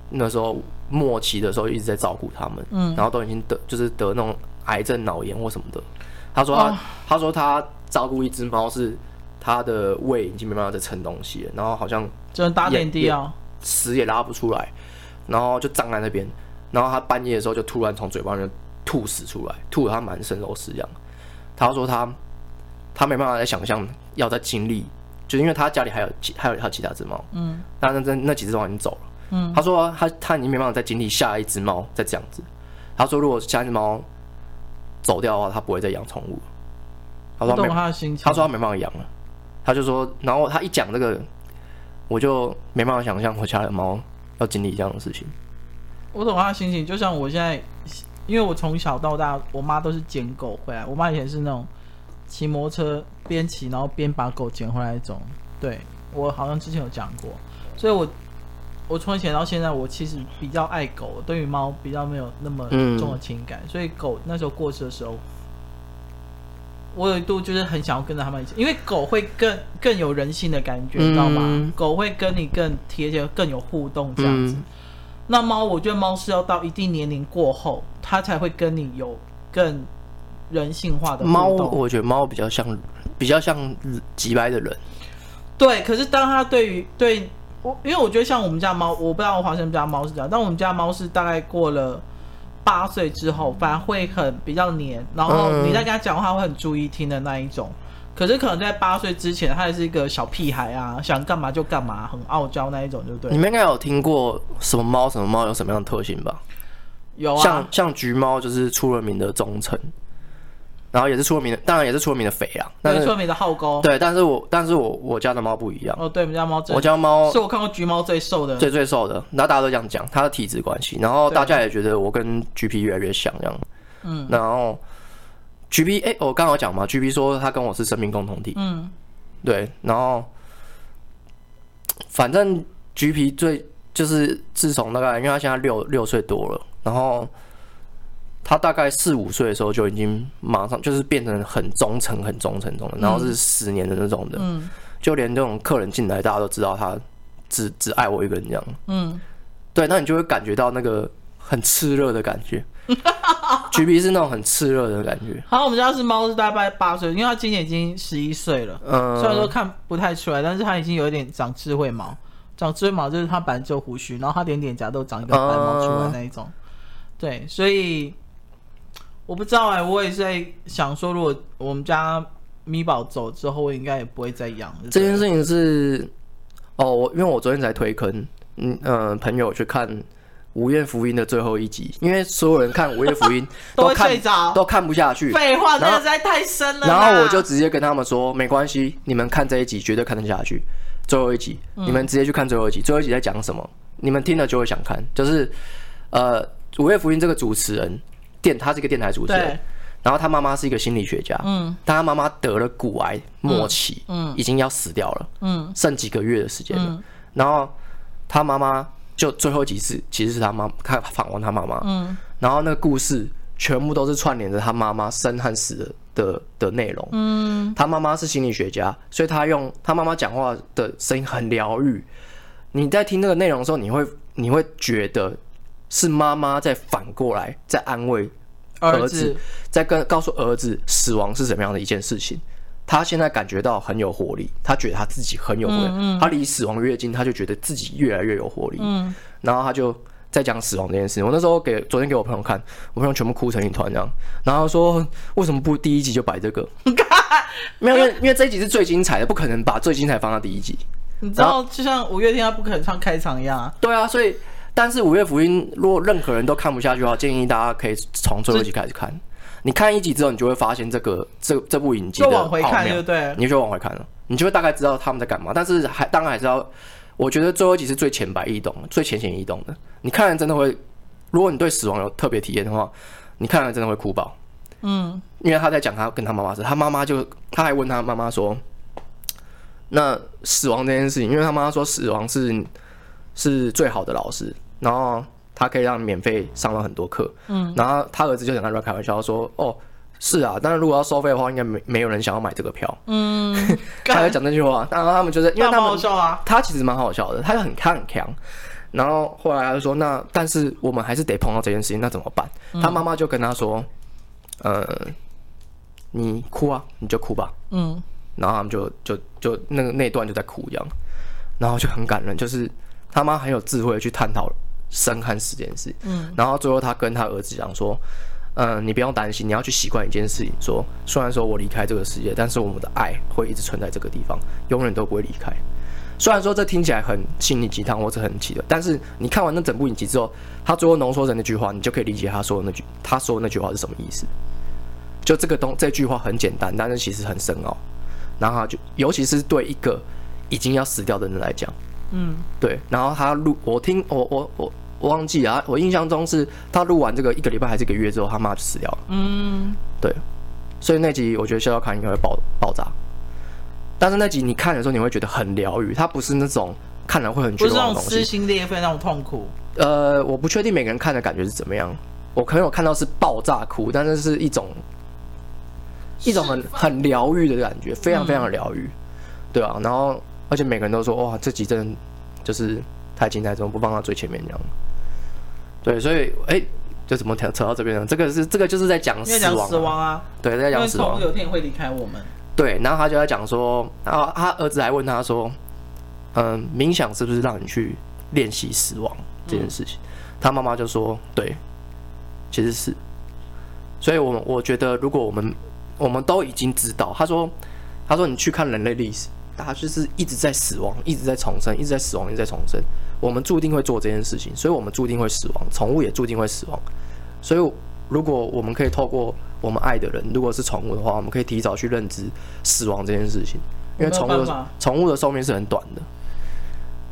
那時候末期的時候一直在照顧他們，嗯。然後都已經得就是得那種癌症腦炎或什麼的。他說他、哦、他說他照顧一隻貓是。他的胃已經沒辦法再撐東西了，然後好像就是打點滴啊，屎也、也拉不出來，然後就髒在那邊，然後他半夜的時候就突然從嘴巴裡吐屎出來，吐他蠻的他滿身都是這樣。他說他他沒辦法再想象要再經歷，就是因為他家裡還有還有還有其他隻貓，嗯，但那那那那幾隻貓已經走了，嗯，他說他他已經沒辦法再經歷下一隻貓再這樣子。他說如果下一隻貓走掉的話，他不會再養寵物。他說他沒他，他說他沒辦法養了。他就說，然後他一講這個，我就沒辦法想象我家的貓要經歷這樣的事情。我懂他的心情，就像我現在，因為我從小到大，我媽都是撿狗回來。我媽以前是那種騎摩托車邊騎，然後邊把狗撿回來一種。對，我好像之前有講過，所以我我從前到現在，我其實比較愛狗，對於貓比較沒有那麼重的情感，嗯、所以狗那時候過世的時候。我有一度就是很想要跟着他們一起，因為狗會更更有人性的感覺，你知道嗎？嗯。狗會跟你更貼切、更有互動這樣子，嗯。那貓，我覺得貓是要到一定年齡過後，它才會跟你有更人性化的互動。貓，我覺得貓比較像、比較像機掰的人。對，可是當它對於、對於，因為我覺得像我們家貓，我不知道華生家貓是怎樣，但我們家貓是大概過了，八歲之後，反而會很比較黏，然後你在跟他講話會很注意聽的那一種。嗯、可是可能在八歲之前，他還是一個小屁孩啊，想幹嘛就幹嘛，很傲嬌那一種，對不對？你們應該有聽過什麼貓、什麼貓有什麼樣的特性吧？有啊，像，像橘貓就是出了名的忠誠。然後也是出了名的，當然也是出了名的肥啊，最出了名的耗高。對，但是我但是我我家的貓不一樣哦，對，我家貓，我家貓是我看過橘貓最瘦的，最最瘦的。那大家都這樣講，它的體質關係。然後大家也覺得我跟橘皮越來越像這樣。嗯，然後橘皮，哎，我剛好講嘛，橘皮說他跟我是生命共同體。嗯，對。然後反正橘皮最就是自從那個因為他現在六六歲多了，然後。他大概四五歲的時候就已經馬上就是變成很忠誠、很忠誠，然後是十年的那種的，嗯，嗯就連這種客人進來，大家都知道他只只愛我一個人這樣，嗯，對，那你就會感覺到那個很熾熱的感覺，橘皮 g 是那種很熾熱的感覺。好，我們家是貓，是大概八歲，因為它今年已經十一歲了，嗯，雖然說看不太出來，但是它已經有一點長智慧毛，長智慧毛就是它本來就鬍鬚，然後它連臉頰都長一個白毛出來那一種，嗯，對，所以。我不知道哎、欸，我也是在想說，如果我們家咪寶走之後，我應該也不會再養了，這件事情是哦，我因為我昨天才推坑，嗯呃，朋友去看《午夜福音》的最後一集，因為所有人看《午夜福音》都看 [laughs] 都都看都看不下去。廢話，那個實在太深了然。然後我就直接跟他們說，沒關係，你們看這一集絕對看得下去，最後一集、嗯，你們直接去看最後一集，最後一集在講什麼？你們聽了就會想看，就是呃，《午夜福音》這個主持人。電，他是一個電台主持人，然後他媽媽是一個心理學家，嗯，但他媽媽得了骨癌末期，嗯，嗯，已經要死掉了，嗯，剩幾個月的時間了，嗯，然後他媽媽就最後幾次，其實是他媽他訪問他媽媽，嗯，然後那個故事全部都是串聯着他媽媽生和死的的內容，嗯，他媽媽是心理學家，所以他用他媽媽講話的聲音很療癒，你在聽那個內容的時候，你會你會覺得。是媽媽在反過來在安慰兒子，在跟告訴兒子死亡是什麼樣的一件事情。他現在感覺到很有活力，他覺得他自己很有活力。嗯他離死亡越近，他就覺得自己越來越有活力。嗯，然後他就在講死亡這件事。我那時候給昨天給我朋友看，我朋友全部哭成一團這樣。然後說為什麼不第一集就擺這個？ [laughs] 沒有，因為因為這一集是最精彩的，不可能把最精彩放到第一集。你知道，就像五月天，他不可能唱開場一樣。對啊，所以。但是《五月福音》如果任何人都看不下去的話，建議大家可以從最後一集開始看。你看一集之後，你就會發現這個這這部影集的好。就往回看就對，你就往回看了，你就會大概知道他們在幹嘛。但是還當然還是要，我覺得最後一集是最淺白易懂的、最淺顯易懂的。你看完真的會，如果你對死亡有特別體驗的話，你看完真的會哭爆。嗯，因為他在講他跟他媽媽說，他媽媽就他還問他媽媽說，那死亡這件事情，因為他媽媽說死亡是是最好的老師。然後他可以讓免費上了很多課，嗯，然後他兒子就跟他亂開玩笑，說：“哦，是啊，但是如果要收費的話，應該沒沒有人想要買這個票。”嗯， [laughs] 他就講這句話。然後他們就是，因為他好笑啊，他其實蠻好笑的，他就很他很強。然後後來他就說：“那但是我們還是得碰到這件事情，那怎麼辦？”嗯、他媽媽就跟他說：“嗯、呃。你哭啊，你就哭吧。”嗯，然後他們就就就，就那個那段就在哭一樣，然後就很感人，就是他媽很有智慧去探討。生和死這件事，嗯，然後最後他跟他兒子講說，嗯、呃，你不用擔心，你要去習慣一件事情，說雖然說我離開這個世界，但是我們的愛會一直存在這個地方，永遠都不會離開。雖然說這聽起來很心靈雞湯或是很奇的，但是你看完那整部影集之後，他最後濃縮成那句話，你就可以理解他說的那句他說的那句話是什麼意思。就這個東這句話很簡單，但是其實很深奧。然後他就尤其是對一個已經要死掉的人來講。嗯，對，然後他錄，我聽，我我我我忘記啊，我印象中是他錄完這個一個禮拜還是一個月之後，他媽就死掉了。嗯，對，所以那集我覺得《逍遙卡》應該會爆爆炸，但是那集你看的時候，你會覺得很療癒，他不是那種看了會很絕望那種撕心裂肺那種痛苦。呃，我不確定每個人看的感覺是怎麼樣，我可能有看到是爆炸哭，但是是一種一種很很療癒的感覺，非常非常療癒，嗯、對啊。然後。而且每個人都說哇，這集真的就是太精彩，怎麼不放到最前面這樣？對，所以哎，這、欸、怎麼扯扯到這邊呢？這個是這個就是在講死、啊、死亡啊，對，在講死亡，有天會離開我們。對，然後他就在講說，然後他兒子還問他說，嗯、呃，冥想是不是讓你去練習死亡這件事情？嗯、他媽媽就說，對，其實是。所以我們我覺得，如果我們我們都已經知道，他說，他說你去看人類歷史。大家就是一直在死亡，一直在重生，一直在死亡，一直在重生。我們註定會做這件事情，所以我們注定會死亡。寵物也注定會死亡。所以，如果我們可以透過我們愛的人，如果是寵物的話，我們可以提早去認知死亡這件事情，因為寵物寵物的壽命是很短的。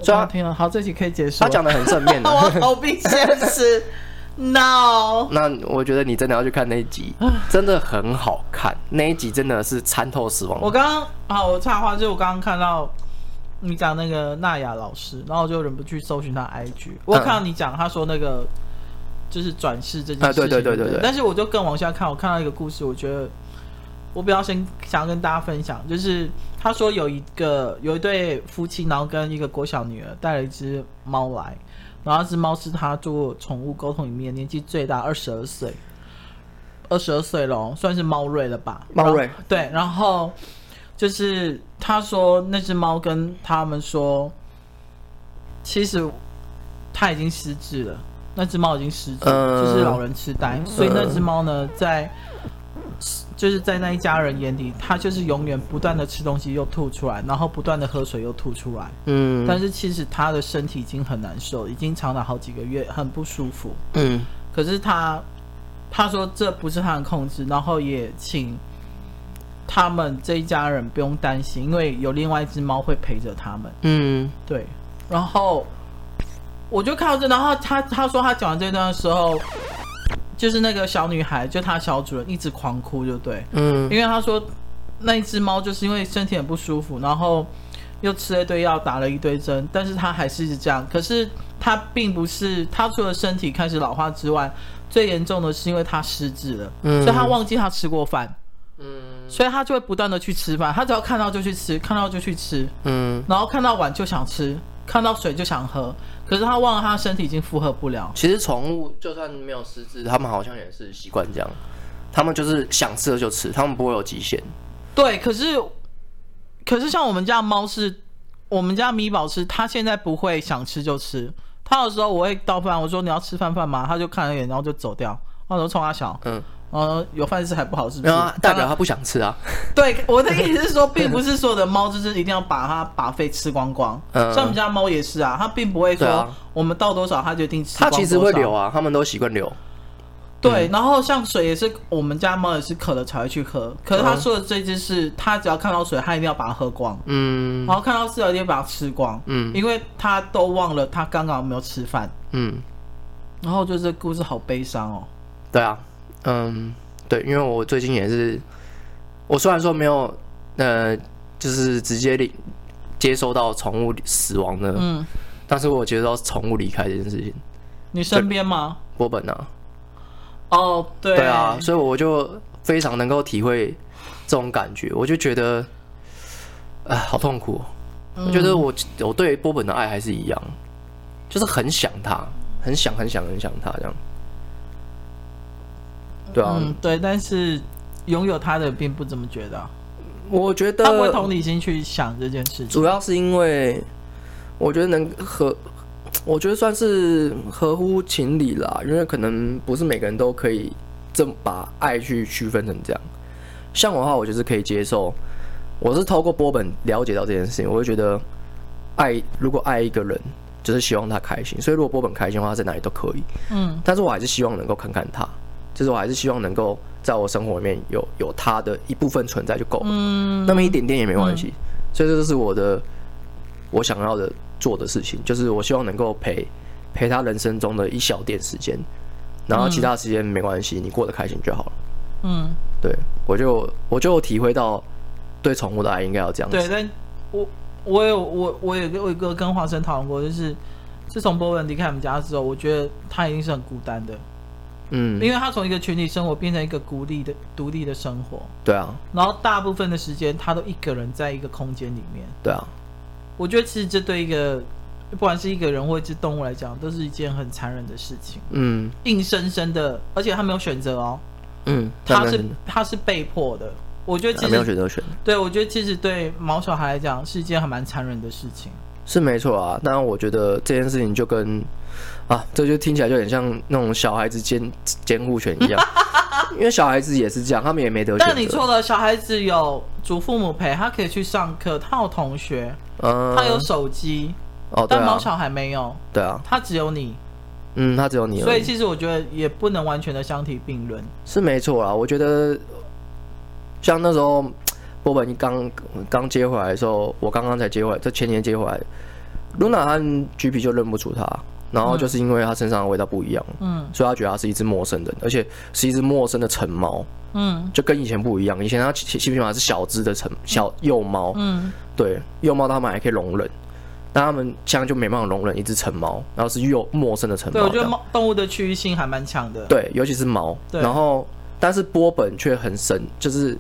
最好了，好，這集可以結、啊、束。他講得很正面的，逃避現實。 [laughs] No，那我覺得你真的要去看那一集，真的很好看。那一集真的是參透死亡。我剛剛，啊，我插話就是我剛剛看到你講那個娜雅老師，然後我就忍不住搜尋她 IG。我看到你講她說那個、嗯、就是轉世這件事情、啊，對對對對對對。但是我就更往下看，我看到一個故事，我覺得我比較先想要跟大家分享，就是他說有一個有一對夫妻，然後跟一個國小女兒帶了一隻貓來。然後那隻貓，是他做寵物溝通裡面年紀最大，二十二歲，二十二歲咯，算是貓瑞了吧？貓瑞對。然後就是他說那隻貓跟他們說，其實他已經失智了，那隻貓已經失智了、呃，就是老人痴呆，所以那隻貓呢在。就是在那一家人眼裡，他就是永遠不斷的吃東西又吐出來，然後不斷的喝水又吐出來，嗯。但是其實他的身體已經很難受，已經長達好幾個月，很不舒服，嗯。可是他他說這不是他的控制，然後也請他們這一家人不用擔心，因為有另外一只貓會陪着他們，嗯，對。然後我就看到這，然後他他說他講完這段的時候。就是那個小女孩，就她小主人一直狂哭，就對，嗯，因為她說那一隻貓就是因為身體很不舒服，然後又吃了一堆藥，打了一堆針，但是它還是一直這樣。可是它並不是，它除了身體開始老化之外，最嚴重的是因為它失智了，嗯，所以她忘記她吃過飯，嗯，所以她就會不斷的去吃飯，她只要看到就去吃，看到就去吃，嗯，然後看到碗就想吃。看到水就想喝，可是他忘了，他身體已經負荷不了。其實寵物就算沒有失智，他們好像也是習慣這樣，他們就是想吃了就吃，他們不會有極限。對，可是，可是像我們家貓是，我們家米寶是，他現在不會想吃就吃，他有時候我會倒飯，我說你要吃飯飯嗎？他就看了一眼，然後就走掉。那時候衝他笑，嗯。哦、嗯，有飯吃還不好，是不是？代、嗯、表、啊、他不想吃啊？對，我的意思是說，並不是所有的貓就是一定要把它把飯吃光光。嗯，像我們家貓也是啊，它並不會說我們倒多少，它就一定吃光。它其實會留啊，它們都習慣留。對、嗯，然後像水也是，我們家貓也是渴了才會去喝。可是他說的這隻，是他只要看到水，他一定要把它喝光。嗯。然後看到飼料一定要把它吃光。嗯，因為他都忘了他剛剛沒有吃飯。嗯。然後就是故事好悲傷哦。對啊。嗯，對，因為我最近也是，我雖然說沒有，呃，就是直接領接收到寵物死亡的，嗯，但是我接受到寵物離開這件事情，你身邊嗎？波本啊？哦，對，對啊，所以我就非常能夠體會這種感覺，我就覺得，哎，好痛苦，我覺得我我對波本的愛還是一樣，就是很想他，很想很想很想他這樣。對啊，嗯，對，但是擁有他的並不怎麼覺得，啊。我覺得他會同理心去想這件事情，主要是因為我覺得能合，我覺得算是合乎情理啦，因為可能不是每個人都可以這麼把愛去區分成這樣。像我的話，我就是可以接受。我是透過波本了解到這件事情，我就覺得愛，如果愛一個人，就是希望他開心。所以如果波本開心的話，在哪裡都可以。嗯，但是我還是希望能夠看看他。就是我還是希望能夠在我生活裡面有有他的一部分存在就夠了，嗯，那麼一點點也沒關係、嗯，所以這就是我的我想要的做的事情，就是我希望能夠陪陪他人生中的一小點時間，然後其他時間沒關係、嗯，你過得開心就好了，嗯，對，我就我就體會到對寵物的愛應該要這樣子，對，但我我有我也我有一個跟華生討論過，就是自從波文離開我們家之後，我覺得他一定是很孤單的。嗯，因為他從一個群體生活變成一個孤立的獨立的生活，對啊，然後大部分的時間他都一個人在一個空間裡面，對啊，我覺得其實這對一個不管是一個人或一隻動物來講，都是一件很殘忍的事情。嗯，硬生生的，而且他沒有選擇哦，嗯，他，他是他是被迫的。我覺得其實沒有選擇選。對，我覺得其實對毛小孩來講是一件還蠻殘忍的事情。是沒錯啊，那我覺得這件事情就跟。啊，這就聽起來就很像那種小孩子監監護權一樣， [laughs] 因為小孩子也是這樣，他們也沒得。但是你錯了，小孩子有祖父母陪，他可以去上課，他有同學，嗯，他有手機。哦，但毛小孩沒有。哦、對啊，他只有你。嗯，他只有你。所以其實我覺得也不能完全的相提並論。是沒錯啦，我覺得像那時候波本你剛剛接回來的時候，我剛剛才接回來，這前年接回來，露娜和 GP 就認不出他，然後就是因為他身上的味道不一樣，嗯，所以他覺得他是一隻陌生人，而且是一隻陌生的成貓，嗯，就跟以前不一樣。以前他起起碼是小隻的成小幼貓，嗯，嗯對幼貓他們還可以容忍，但他們現在就沒辦法容忍一隻成貓，然後是幼陌生的成貓。對，我覺得貓動物的區域性還蠻強的，對，尤其是貓。對，然後但是波本卻很神，就是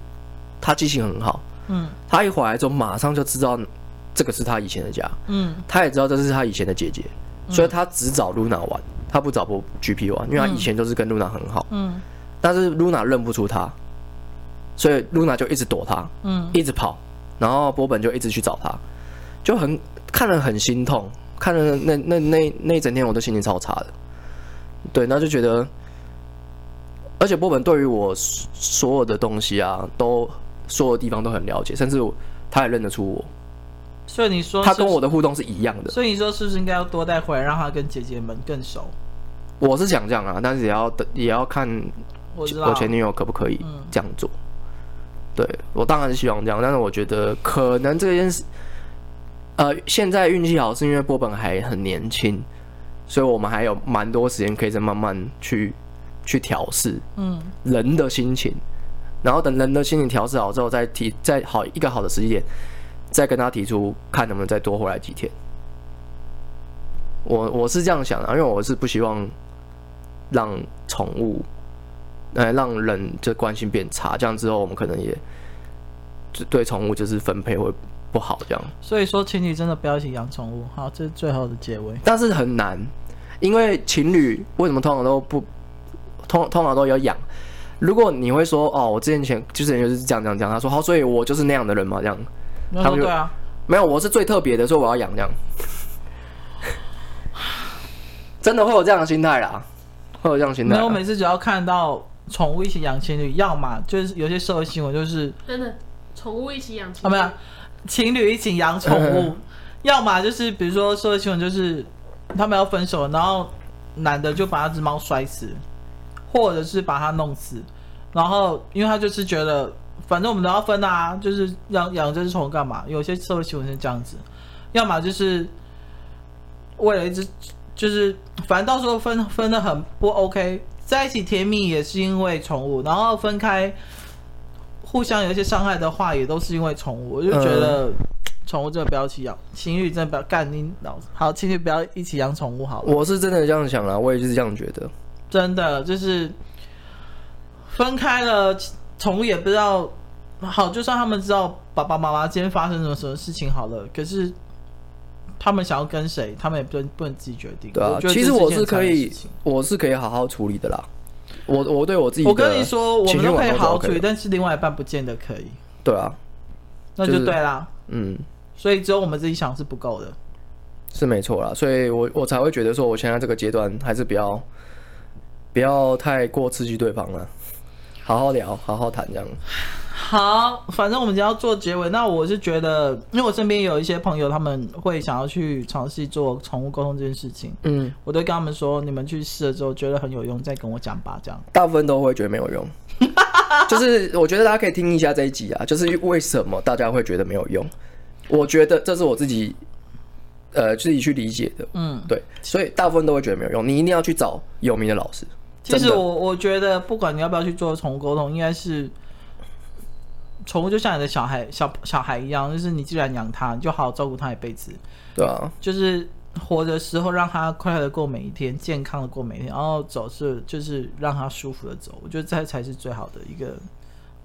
他記性很好，嗯，他一回來就馬上就知道這個是他以前的家，嗯，他也知道這是他以前的姐姐。所以他只找露娜玩、嗯，他不找波 G P 玩，因為他以前就是跟露娜很好。嗯。嗯，但是露娜認不出他，所以露娜就一直躲他，嗯，一直跑。然後波本就一直去找他，就很，看了很心痛，看了那那那那一整天我都心情超差的。對，那就覺得，而且波本對於我所有的東西啊，都所有地方都很了解，甚至他也認得出我。所以你說是是他跟我的互動是一樣的，所以你說是不是應該要多帶回來，讓他跟姐姐們更熟？我是想這樣啊，但是也要等，也要看我，我前女友可不可以這樣做。嗯、對我當然是希望這樣，但是我覺得可能這件事，呃，現在運氣好是因為波本還很年輕，所以我們還有蠻多時間可以再慢慢去去調試，嗯，人的心情、嗯，然後等人的心情調試好之後，再提再好一個好的時間點。再跟他提出，看能不能再多回來幾天。我我是這樣想的，啊，因為我是不希望讓寵物，呃，讓人這關係變差，這樣之後我們可能也就對寵物就是分配會不好這樣。所以說，情侶真的不要一起養寵物，好，這是最後的結尾。但是很難，因為情侶為什麼通常都不通通常都有養？如果你會說哦，我之前前就是就是這樣、這樣這樣，他說好，所以我就是那樣的人嘛，這樣。對啊，沒有，我是最特別的，所以我要養這樣， [laughs] 真的會有這樣的心態啦，會有這樣的心態。因為我每次只要看到寵物一起養情侶，要麼就是有些社會新聞就是、啊、真的，寵物一起養啊，沒有情侶一起養寵物， [laughs] 要麼就是比如說社會新聞就是他們要分手，然後男的就把那隻貓摔死，或者是把它弄死，然後因為他就是覺得。反正我們都要分啊，就是養養這隻寵物幹嘛？有些社會新聞是這樣子，要麼就是為了一只，就是反正到時候分分的很不 OK，在一起甜蜜也是因為寵物，然後分開互相有一些傷害的話，也都是因為寵物。我就覺得，嗯，寵物真的不要去養，情侶真的不要幹你腦子，好，情侶不要一起養寵物好了。我是真的這樣想啦，我也就是這樣覺得，真的就是分開了，寵物也不知道。好，就算他們知道爸爸媽媽今天發生什麼什麼事情好了，可是他們想要跟誰，他們也不能不能自己決定。對啊，其實我是可以，我是，我是可以好好處理的啦。我我對我自己，我跟你說，我們都可以好好處理，但是另外一半不見得可以。對啊，就是，那就對啦。嗯，所以只有我們自己想是不夠的，是沒錯啦。所以我我才會覺得說，我現在這個階段還是不要不要太過刺激對方了，好好聊，好好談這樣。好，反正我們只要做結尾。那我是覺得，因為我身邊有一些朋友，他們會想要去嘗試做寵物溝通這件事情。嗯，我都跟他們說，你們去試了之後覺得很有用，再跟我講吧。這樣，大部分都會覺得沒有用。 [laughs] 就是我覺得大家可以聽一下這一集啊，就是為什麼大家會覺得沒有用。我覺得這是我自己，呃，自己去理解的。嗯，對，所以大部分都會覺得沒有用。你一定要去找有名的老師。其實我我覺得，不管你要不要去做寵物溝通，應該是。寵物就像你的小孩，小小孩一樣，就是你既然養它，你就好好照顧它一輩子。對啊，就是活的時候讓它快樂的過每一天，健康的過每一天，然後走是就是讓它舒服的走。我覺得這才是最好的一個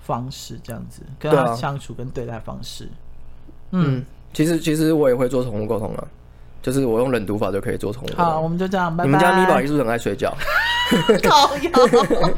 方式，這樣子跟他相處跟對待方式。啊、嗯，嗯，其實其實我也會做寵物溝通了、啊，就是我用冷讀法就可以做寵物。好，我們就這樣，拜拜。你們家咪寶一直很愛睡覺。搞笑靠謠。 [laughs]